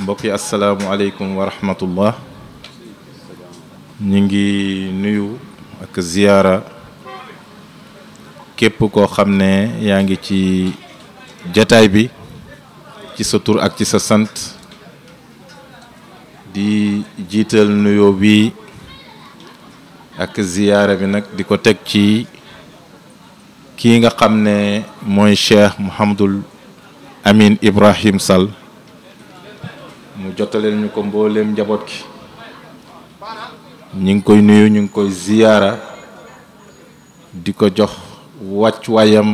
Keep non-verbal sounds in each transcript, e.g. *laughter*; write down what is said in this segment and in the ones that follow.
mbokki assalamu alaykum wa rahmatullah ñi ngi nuyu ak ziyara képp ko xamné ne ngi ci jotaay bi ci sa tour ak ci sa sante di jital nuyo bi ak ziyara bi nak diko tek ci ki nga xamné moy Cheikh Mouhamadul Amin Ibrahim Sall jotalel ñu ko mboolem ki gi ñi ngi koy nuyu koy di ko jox wàccuwaayam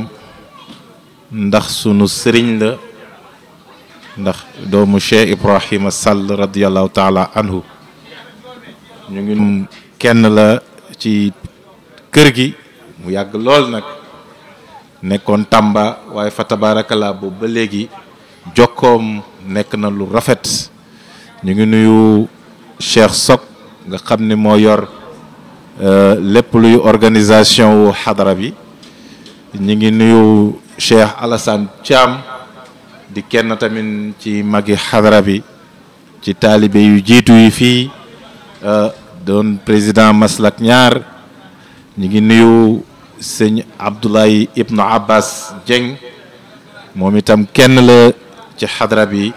ndax sunu sëriñ la ndax doomu cheikh ibrahima sall radiallahu taala anhu ñu ngi kenn la ci kër gi mu yàgg lool nag nekkoon tàmba fa ba na lu rafet ñu ngi nuyu Cheikh Sok nga xam ni moo yor euh, lépp luy organisation wu xadara bi ñu ngi nuyu Cheikh alasan Thiam di kenn tamit ci magi xadara bi ci taalibe yu jiitu yi fii euh, doon président Maslak ñaar ñu ngi nuyu sëñ Abdoulaye Ibnu Abbas Dieng moom itam kenn la ci xadara bi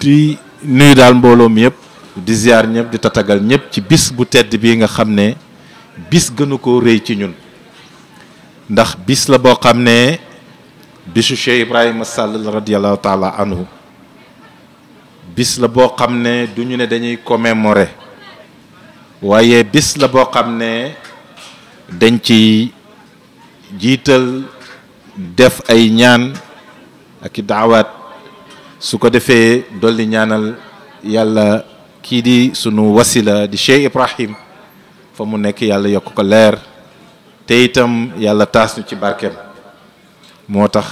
di nuyu daal mbooloo mi yëpp di ziar ñëpp di tatagal ñëpp ci bis bu tedd bii nga xam ne bis gënu ko rëy ci ñun ndax bis la boo xam ne bisu Cheikh Ibrahima Sall radiallahu taala anhu bis la boo xam ne du ñu ne dañuy commémorer waaye bis la boo xam ne dañ ci jiital def ay ñaan ak i daawaat su ko defee dolli ñaanal yàlla kii di sunu wasila di Cheikh Ibrahim fa mu nekk yàlla yokk ko leer te itam yàlla taas ñu ci barkeem moo tax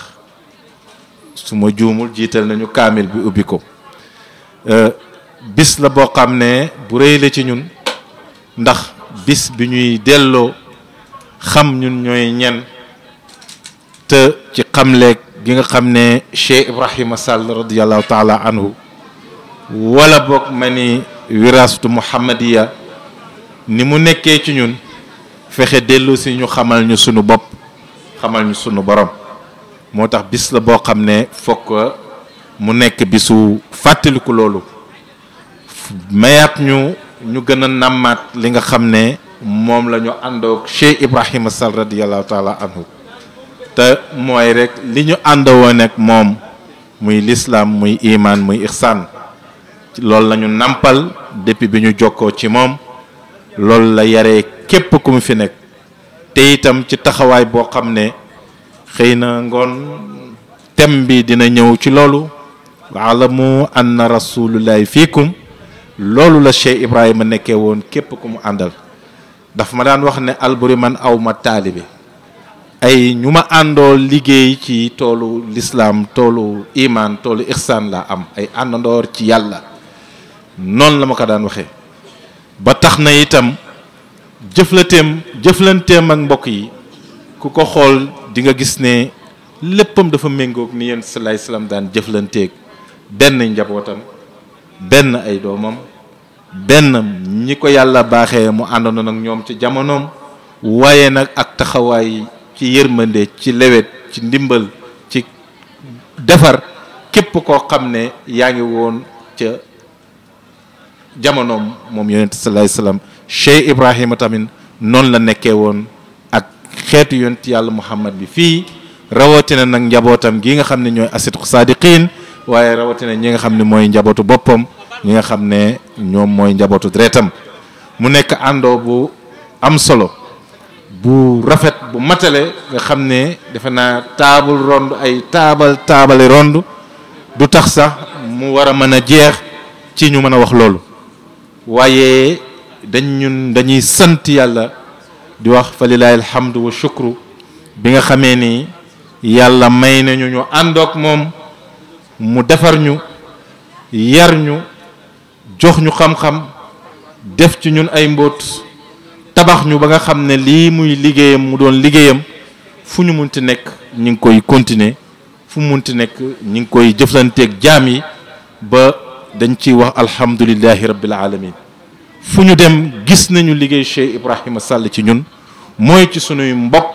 suma ma juumul jiital nañu kaamil bi ubbi ko euh, bis la boo xam ne bu rëy la ci ñun ndax bis bi ñuy delloo xam ñun ñooy ñen te ci xamleeg gi nga xamne Ibrahim cheikh ibrahim sall radiallahu taala anhu wala bok mani wirasatu muhammadiya ni mu nekké ci ñun fexé delu ci ñu xamal ñu suñu bop xamal ñu suñu borom motax bis la bo xamne fokk mu nekk bisu fàttaliku lolu mayat ñu ñu gëna namat li nga xamne mom lañu andok cheikh ibrahim sall radiallahu taala anhu te mooy rek li ñu ànd woon ak moom muy lislaam muy imaan muy ixsaan loolu lañu nàmpal nampal depuis bi ñu jokkoo ci moom loolu la yare képp ku mu fi nekk te itam ci taxawaay boo xam ne xëy na ngoon thème bi dina ñëw ci loolu waalamu anna rasulullahi fiikum loolu la Cheikh Ibrahima nekkee woon képp ku mu àndal dafa ma daan wax ne alburi man awma ma taalibi ay ñu ma àndoo liggéey ci toolu lislaam toolu imaan toolu ixsaan laa am ay àndandoor ci yàlla noonu la ma ko daan waxe ba tax na itam jëflanteem jëflanteem ak mbokk yi ku ko xool di nga gis ne léppam dafa méngoog ni yéen salaay salaam daan jëflanteeg benn njabootam benn ay doomam benn ñi ko yàlla baaxe mu àndandoon ak ñoom ci jamonoom waaye nag ak taxawaay ci yërmande ci lewet ci ndimbal ci defar képp koo xam ne yaa ngi woon ca jamonoom moom yonente sallallahu alayhi wasallam Cheikh Ibrahima tamit noonu la nekkee woon ak xeetu yonent yàlla Muhammad bi fii rawatina nag njabootam gi nga xam ne ñooy asidqu saadiqin waaye rawatina ñi nga xam ne mooy njabootu boppam ñi nga xam ne ñoom mooy njabootu deretam mu nekk àndoo bu am solo bu rafet bu matale nga xam ne defe naa taabal rond ay taabal taabale rond du tax sax mu war a mën a jeex ci ñu mën a wax loolu waaye dañ ñun dañuy sant yàlla di wax fa lilahi alhamdu wa shukru bi nga xamee ni yàlla may nañu ñu àndoog moom mu defar ñu yar ñu jox ñu xam-xam def ci ñun ay mbóot tabax ñu ba nga xam ne lii muy liggéeyam mu doon liggéeyam fu ñu munti nekk ñu ngi koy continuer fu mun ti nekk ñu ngi koy jëflanteeg jaam yi ba dañ ciy wax alhamdulillahi rabbil alamin fu ñu dem gis nañu liggéey Cheikh Ibrahima Sall ci ñun mooy ci sunuy mbokk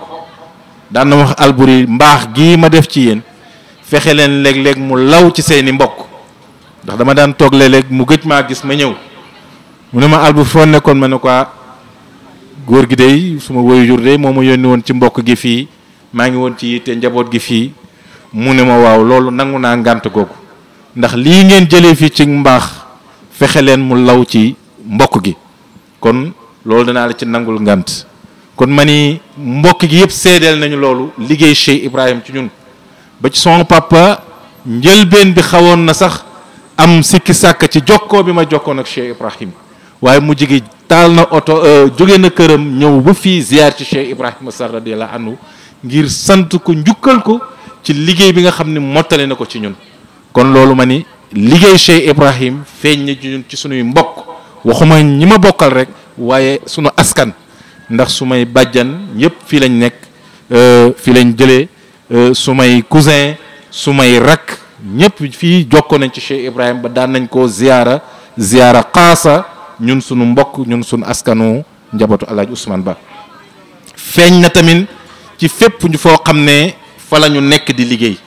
daan na wax Alburi mbaax gii ma def ci yéen fexe leen léeg-léeg mu law ci seeni mbokk ndax dama daan toog léeg mu gëj maa gis ma ñëw mu ne ma Alburi foo nekkoon ma ne ko ah góor gi dey suma woyu jur day moo ma yónni woon ci mbokk gi fii maa ngi woon ci te njaboot gi fii mu ne ma waaw loolu nangu naa ngànt googu ndax lii ngeen jëlee fii ci mbaax fexe leen mu law ci mbokk gi kon loolu danaa la ci nangul ngànt kon ma ni mbokk gi yëpp seedeel nañu loolu liggéey Cheikh Ibrahim ci ñun ba ci son papa njëlbeen bi xawoon na sax am sikki sàkk ci jokkoo bi ma jokkoon ak Cheikh Ibrahim waaye mujj gi taal na oto euh, jóge na këram ñëw ba fii ziar ci Cheikh Ibrahima de la anhu ngir sant ko njukkal ko ci liggéey bi nga xam ne mottale na ko ci ñun kon loolu ma ni liggéey Cheikh Ibrahim feeñ na ci ñun ci sunuy mbokk waxuma ñi ma bokkal rek waaye sunu askan ndax su may bàjjan ñëpp fii lañ nekk euh, fii lañ jëlee euh, su may cousin su may rakk ñëpp fii jokkoo nañ ci Cheikh Ibrahim ba daan nañ ko ziara ziara xaasa ñun sunu mbokk ñun sunu askanu njabootu alaaj Ousmane Ba feeñ na tamit ci fépp foo xam ne fala ñu nekk di liggéey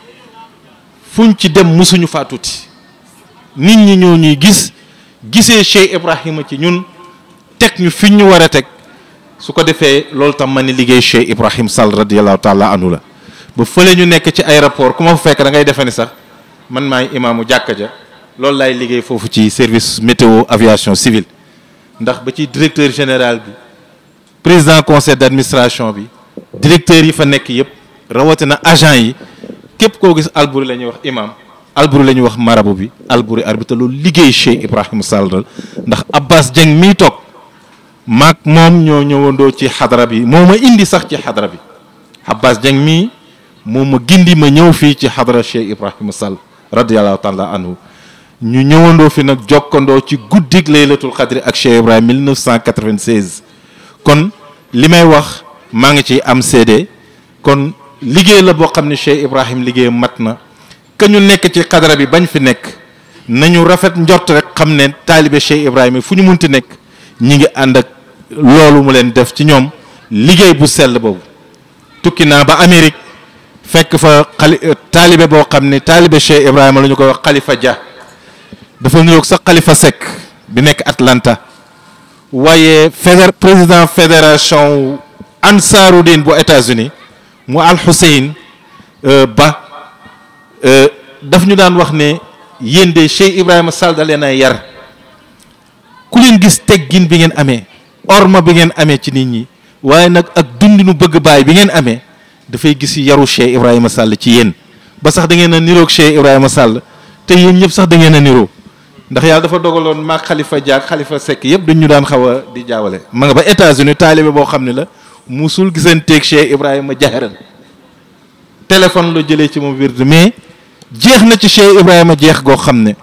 fuñ ci dem musuñu faa tuuti nit ñi ñoo ñuy gis gisee Cheikh Ibrahima ci ñun teg ñu fi ñu war a teg su ko defee loolu tam ma ni liggéey Cheikh Ibrahim Sall radiallahu taala anhu la ba fële ñu nekk ci aéroport ku ma fa fekk da ngay defe ni sax man maay imaamu jàkka ja loolu laay liggéey foofu ci service météo aviation civile ndax ba ci directeur général bi président conseil d'administration bi directeur yi fa nekk yëpp rawatina agent yi képp koo gis Alboury la ñuy wax imam Alboury la ñuy wax marabu bi Alboury arbitre loolu liggéey Cheikh ibrahim saldal ndax Abbas Dieng miy toog maag moom ñoo ñëwandoo ci xadra bi moo ma indi sax ci xadra bi Abbas Dieng mii moo ma gindi ma ñëw fii ci xadra Cheikh ibrahim Sall radiyallahu taala anhu ñu ñëwandoo fi nag jokkandoo ci guddig laylatul xadri ak Cheikh Ibrahim 1996 kon li may wax maa ngi ciy am seede kon liggéey la boo xam ne Cheikh Ibrahim liggéey mat na que ñu nekk ci xadara bi bañ fi nekk nañu rafet njort rek xam ne taalibe Cheikh Ibrahim fu ñu munti nekk ñi ngi ànd ak loolu mu leen def ci ñoom liggéey bu sell boobu tukki naa ba Amérique fekk fa xali taalibe boo xam ne taalibe Cheikh Ibrahima lañu koy wax Khalifa Dia dafa niroog sa Khalifa Seck bi nekk Atlanta waaye fédér président fédération Ansaarudin bu États-Unis mu Al Hussein euh, Ba euh, daf ñu daan wax ne yéen de Cheikh Ibrahima Sall da ay yar ku leen gis teggin bi ngeen amee orma bi ngeen amee ci nit ñi waaye nag ak dundinu bëgg baay bi ngeen amee dafay gis yaru Cheikh Ibrahima Sall ci yéen ba sax da ngeen a niroog Cheikh Ibrahima Sall te yéen ñëpp sax da ngeen a niroo ndax yàlla dafa dogaloon maak xalifa jaag xalifa sekk yëpp dañ ñu daan xaw a di jaawale ma nga ba États-Unis taalibe boo xam ne la musul gisanteeg Cheikh Ibrahima jaxeran téléphone la jëlee ci moom wirdu mais jeex na ci Cheikh Ibrahima jeex goo xam ne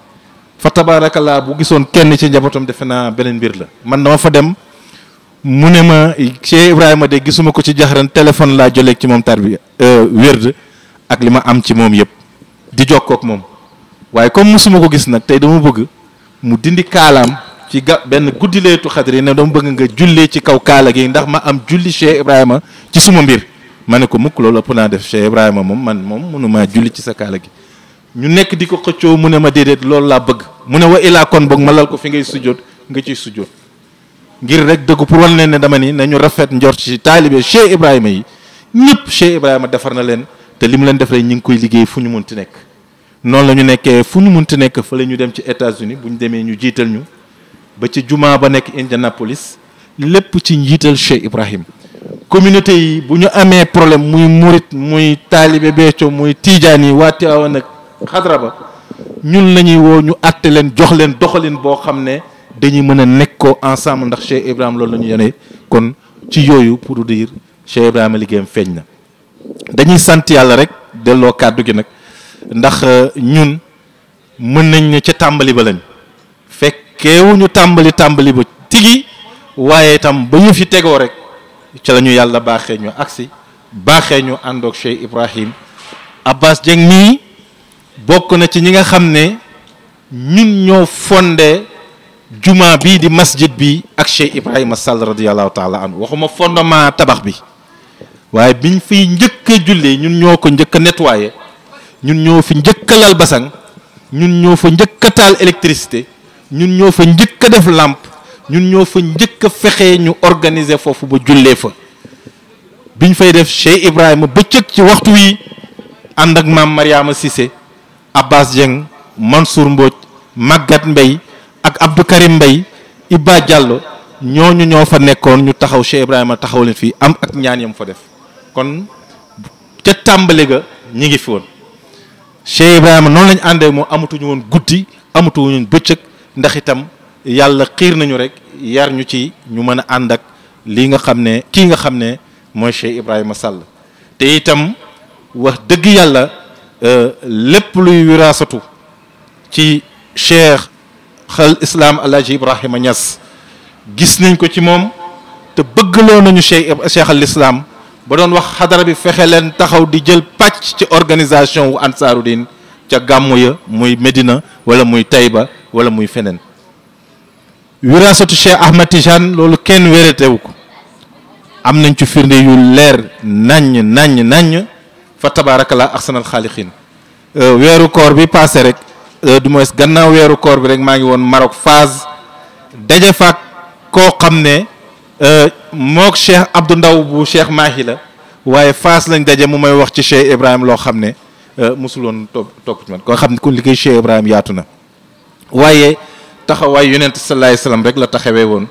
fa tabaarakallaa bu gisoon kenn ci njabootam defe naa beneen mbir la man dama fa dem mu ne ma Cheikh de gisuma ko ci jaxaran téléphone laa jëlee ci moom tarbiya euh, wird ak li ma am ci moom yëpp di jokkoo ak moom waaye comme musuma ko gis nag tey dama bëgg mu dindi kaalaam ci ga benn guddi leetu xadri ne dama bëgg nga jullee ci kaw kaala gi ndax ma am julli Cheikh Ibrahima ci suma mbir ma ne ko mukk loolu ëpp naa def Cheikh Ibrahima moom man moom mënumaa julli ci sa kaala gi ñu nekk di ko xëccoo mu ne ma déedéet loolu laa bëgg mu ne wa ilaa kon boog ma lal ko fi ngay sujjoot nga ciy sujjoot ngir rek dëgg pour wan leen ne dama ni nañu rafet njort ci taalibe Cheikh Ibrahima yi ñëpp Cheikh Ibrahima defar na leen te li mu leen def ñu ngi koy liggéey fu ñu munti nekk noonu la ñu nekkee fu ñu mënti nekk fële ñu dem ci États-Unis bu ñu demee ñu jiital ñu ba ci jumaa ba nekk Indianapolis lépp ci njiital Cheikh Ibrahim communauté yi bu ñu amee problème muy murit muy taalibe Béthio muy tiijaan yi waa Tiwaawan ak xadra ba ñun la ñuy woo ñu àtte leen jox leen doxalin boo xam ne dañuy mën a nekkoo ensemble ndax Cheikh Ibrahim lool la ñu kon ci yooyu pour dire Cheikh Ibrahima liggéeyam feeñ na dañuy sant yàlla rek delloo kàddu gi nag ndax euh, ñun mën nañ ne ca tàmbali ba lañ fekkeewuñu tàmbali tàmbali ba tigi waaye itam ba ñu fi tegoo rek ca lañu yàlla baaxee ñu agsi baaxee ñu àndoog Cheikh Ibrahim Abbas Dieng mii bokk na ci ñi nga xam ne ñun ñoo fondé jumaa bii di masjid bi ak Cheikh Ibrahima Sall radiyallahu taala waxuma fondement tabax bi waaye biñ fiy njëkk a ñun ñoo ko njëkk a ñun ñoo fi njëkk lal basang ñun ñoo fa njëkk a électricité ñun ñoo fa njëkk a def làmp ñun ñoo fa njëkk a fexe ñu organiser foofu ba jullee fa biñ fay def Cheikh Ibrahima bëccëg ci waxtu wi ànd ak maam Mariama Cissé Abbas Dieng Mansour mbooj Maguette Mbaye ak Abdou Karim Mbaye Iba Diallo ñooñu ñoo fa nekkoon ñu taxaw Cheikh Ibrahima taxaw leen fii am ak ñaan yam fa def kon ca tàmbali ga ñi ngi fi woon Cheikh Ibrahima noonu lañu àndee moo amatuñu woon guddi amatuwuñu woon bëccëg ndax itam yàlla xiir nañu rek yar ñu ci ñu mën a ànd ak lii nga xam ne kii nga xam ne mooy Cheikh Ibrahima Sall te itam wax dëgg yàlla euh, lépp luy wiraasatu ci Cheikh xal islaam Alhaji Ibrahima Niass gis nañ ko ci moom te bëggloo nañu Cheikh Cheikh al Islam ba doon wax xadara bi fexe leen taxaw di jël pàcc ci organisation wu Ansaarudine ca gàmmu ya muy Medina wala muy Tayba wala muy feneen wirasatu Cheikh Ahmad Tijaan loolu kenn wéretewu ko am nañ ci firnde yu leer naññ naññ naññ fa tabaarakallaa axsanal xaaliqiin euh, weeru koor bi passé rek euh, du moins gannaaw weeru koor bi rek maa ngi woon Maroc phase daje fa koo xam ne mook Cheikh Abdou Ndaw bu Cheikh Mahi la waaye Fass lañ daje mu may wax ci Cheikh Ibrahim loo xam ne mosul woon topp ci man koo xam ne kon liggéey Cheikh Ibrahim yaatu na waaye taxawaay yonent salaay salaam rek la taxawee woon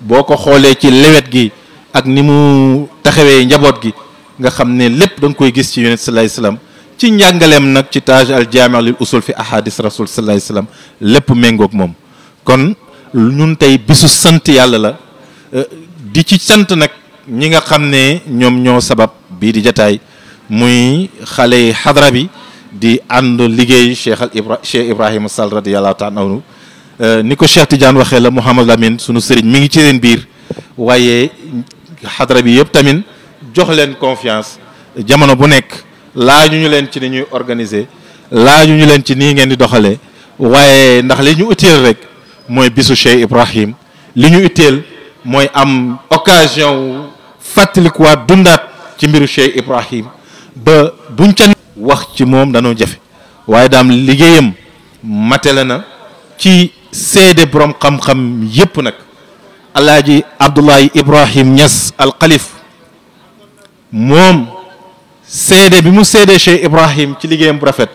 boo ko xoolee ci lewet gi ak ni mu taxawee njaboot gi nga xam ne lépp da nga koy gis ci yonent salaay salaam ci njàngaleem nag ci taaj al jaami lil usul fi ahadis rasul salaay salaam lépp méngoog moom kon ñun tey bisu sant yàlla la di ci sant nag ñi nga xam ne ñoom ñoo sabab bii di jataay muy xale yi xadra bi di ànd liggéey cheikh al ibra cheikh ibrahima sall radiallahu taala anhu euh, ni ko cheikh tidiane waxee la mouhamad lamin sunu sëriñ mu ngi ci leen biir waaye xadra bi yëpp tamit jox leen confiance jamono bu nekk laaju ñu leen ci ni ñuy organiser laaju ñu leen ci nii ngeen di doxalee waaye ndax li ñu itteel rek mooy bisu cheikh ibrahim li ñu itteel mooy am occasion wu fàttalikuwaat dundaat ci mbiru Cheikh Ibrahim ba buñ ca wax ci moom danoo jafe waaye daam liggéeyam matale na ci seede borom xam-xam yépp nag alaaji Abdoulaye Ibrahim ñas al Khalif moom seede bi mu seede Cheikh Ibrahim ci liggéeyam bu rafet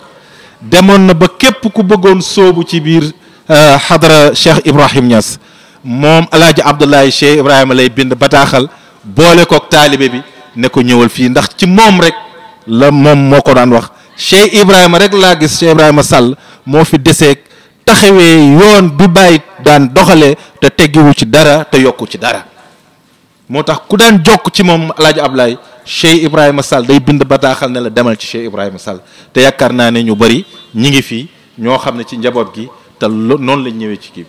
demoon na ba képp ku bëggoon sóobu ci biir euh, xadara Cheikh Ibrahim ñas moom alaaji Abdoulaye Cheikh Ibrahima lay bind bataaxal boole kook taalibe bi ne ko ñëwal fii ndax ci moom rek la moom moo ko daan wax Cheikh Ibrahima rek laa gis Cheikh Ibrahima Sall moo fi deseeg taxawee yoon bi bàyyi daan doxalee te teggiwu ci dara te yokku ci dara moo tax ku daan jokk ci moom alaaji Abdoulaye Cheikh Ibrahima Sall day bind bataaxal ne la demal ci Cheikh Ibrahima Sall te yaakaar naa ne ñu bari ñi ngi fii ñoo xam ne ci njaboot gi te noonu lañ ñëwee ci kii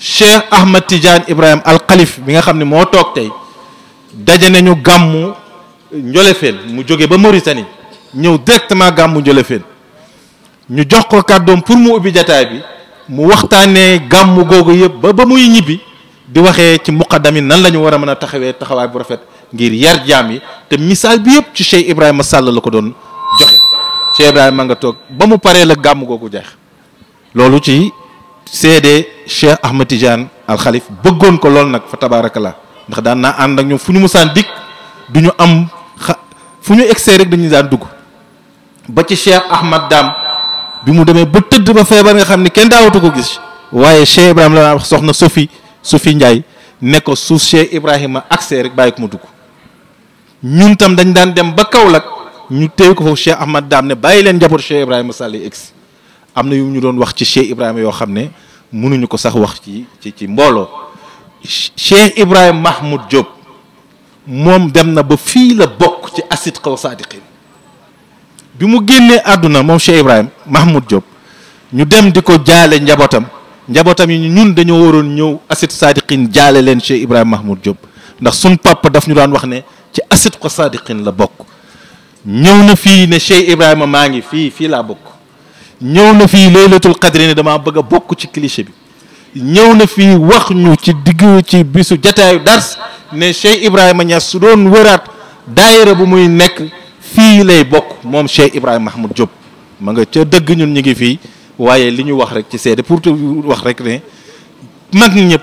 Cheikh Ahmad Tidiane Ibrahima al bi nga xam ne moo toog tey daje nañu gàmmu Njolofeen mu jóge ba Mauritanie ñëw directement gàmmu Njolofeen ñu jox ko kàddoom pour mu ubbi jataay bi mu waxtaanee gàmmu googu yëpp ba ba muy ñibbi di waxee ci muqaddam yi nan lañu ñu war a mën a taxawee taxawaay bu rafet ngir yar jaam yi te misaal bi yëpp ci Cheikh Ibrahima sàll la ko doon joxe Cheikh Ibrahima nga toog ba mu paree la gàmmu googu jeex loolu ci. cédé Cheikh Ahmed Tidiane al Khalif bëggoon ko lool nak fa tabaarakala ndax daan naa ànd ak ñoom fu ñu musaan dikk du am xa fu ñu egsee rek dañuy daan dugg ba ci Cheikh ahmed Dam bi mu demee ba tëdd ba feebar nga xam ne kenn daawatu ko gis waaye Cheikh ibrahim la wax soxna Sophie Sophie Ndiaye ne ko su Cheikh Ibrahima agsee rek bàyyi ko mu dugg ñun tam dañ daan dem ba kaw Kaolack ñu téye ko foofu Cheikh ahmed Dam ne bàyyi leen njaboot Cheikh Ibrahima Sall yi am na yu ñu doon wax ci Cheikh Ibrahima yoo xam ne mënuñu ko sax wax ci ci ci mbooloo Cheikh Ibrahima Mahmoud Diop moom dem na ba fii la bokk ci asid xaw saadiqin bi mu génnee àdduna moom Cheikh Ibrahima Mahmoud Diop ñu dem di ko jaale njabootam njabootam yi ñu ñun dañoo waroon ñëw asid saadiqin jaale leen Cheikh Ibrahima Mahmoud job ndax sun papa daf ñu daan wax ne ci asid xaw saadiqin la bokk ñëw na fii ne Cheikh Ibrahima maa ngi fii fii laa bokk ñewna fi laylatul qadr ni dama bëgg bokku ci cliché bi ñewna fi wax ñu ci digg ci bisu jotaay dars ne Cheikh Ibrahima Niass su doon wëraat daayira bu muy nekk fi lay bokk mom Cheikh Ibrahima Mahmoud job ma nga ci dëgg ñun ñi ngi fi waye li ñu wax rek ci seede pour wax rek ne mag ñëpp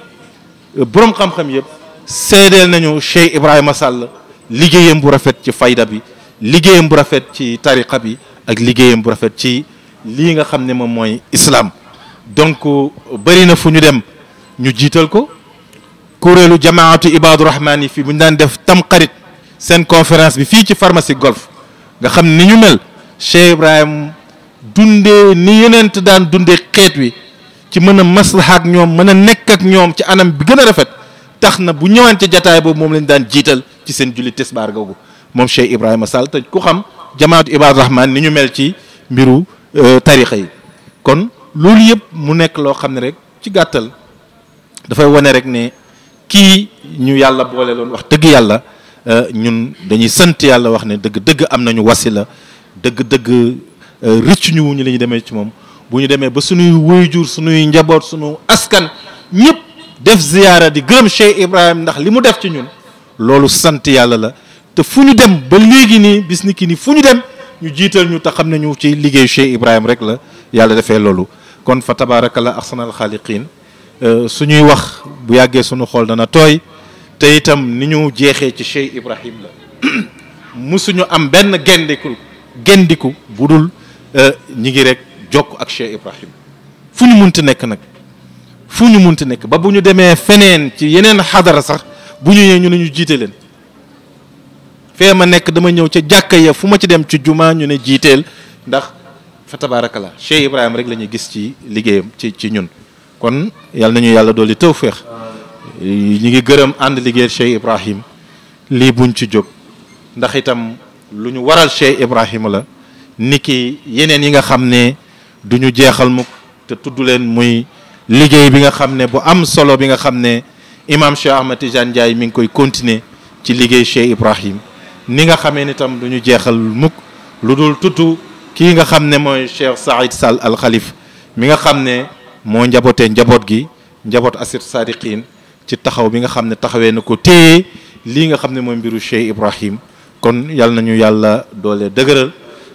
borom xam-xam yëpp sédel nañu Cheikh Ibrahima Sall liggéeyam bu rafet ci fayda bi liggéeyam bu rafet ci tariqa bi ak liggéeyam bu rafet ci lii nga xam ne moom mooy islam donc euh, bëri na fu ñu dem ñu jiital ko kuréelu jamaatu ibaadu rahmaan yi fii bu ñu daan def tamxarit seen conférence bi fii ci pharmacie golf nga xam ni ñu mel Cheikh Ibrahim dundee ni yeneent daan dundee xeet wi ci mën a maslaha ak ñoom mën a nekk ak ñoom ci anam bi gën a rafet tax na bu ñëwaan ca jataay boobu moom lañ daan jiital ci seen julli tisbaar googu moom Cheikh Ibrahima Sall te ku xam jamaatu ibaadu rahmaan mel ci mbiru Euh, tarixa yi kon loolu yëpp mu nekk loo xam ne rek ci gàttal dafay wane rek ne kii ñu yàlla boole loon wax dëgg yàlla euh, ñun dañuy sant yàlla wax ne dëgg-dëgg am nañu la dëgg-dëgg euh, rëcc ñu wuñu li ñu demee ci moom bu ñu demee ba suñuy jur suñuy njaboot suñu askan ñëpp def ziyaara di gërëm Cheikh Ibrahim ndax li mu def ci ñun loolu sant yàlla la te fu ñu dem ba léegi nii bis nii fu ñu dem ñu jiital ñu te xam ne ñu ci liggéeyu Cheikh Ibrahima rek la yàlla defee loolu kon fa tabaarakala ahsanal xaaliqiin euh, suñuy wax bu yàggee suñu xool dana tooy te itam ni ñu jeexee ci Cheikh Ibrahima la mu *coughs* musuñu am benn gendiku gendiku bu dul euh, ñi ngi rek jokk ak Cheikh Ibrahima fu ñu munti nekk nag fu ñu munti nekk ba bu ñu demee feneen ci yeneen xadara sax bu ñu ñëwee ñu ne ñu jiite leen fee ma nekk dama ñëw ca jàkka ya fu ma ci dem ci jumaa ñu ne jiiteel ndax fa la Cheikh Ibrahima rek lañuy gis ci liggéeyam ci ci ñun kon yàlla nañu yàlla dool di tawféex ñu ngi gërëm ànd liggéeyal Cheikh Ibrahim lii buñ ci jóg ndax itam lu ñu waral Cheikh Ibrahima la ni ki yeneen yi nga xam ne du ñu jeexal mukk te tudd leen muy liggéey bi nga xam ne bu am solo bi nga xam ne imam Cheikh Ahmad Tidiane Ndiaye mi ngi koy continuer ci liggéey Cheikh Ibrahim ni nga xamee ni tam du jeexal mukk lu dul tuttu kii nga xam ne mooy Cheikh Saïd Sall al Khalif mi nga xam ne moo njabootee njaboot gi njaboot asir sadiqin ci taxaw bi nga xam ne taxawee na ko téye lii nga xam ne mooy mbiru Cheikh Ibrahim kon yal nañu yàlla doole dëgëral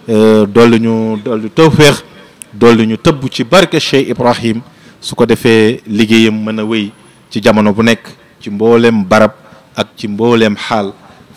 euh, dolli ñu dolli dool dolli ñu tëbb ci barke Cheikh Ibrahim su ko defee liggéeyam mën a wéy ci jamono bu nekk ci mbooleem barab ak ci mbooleem xaal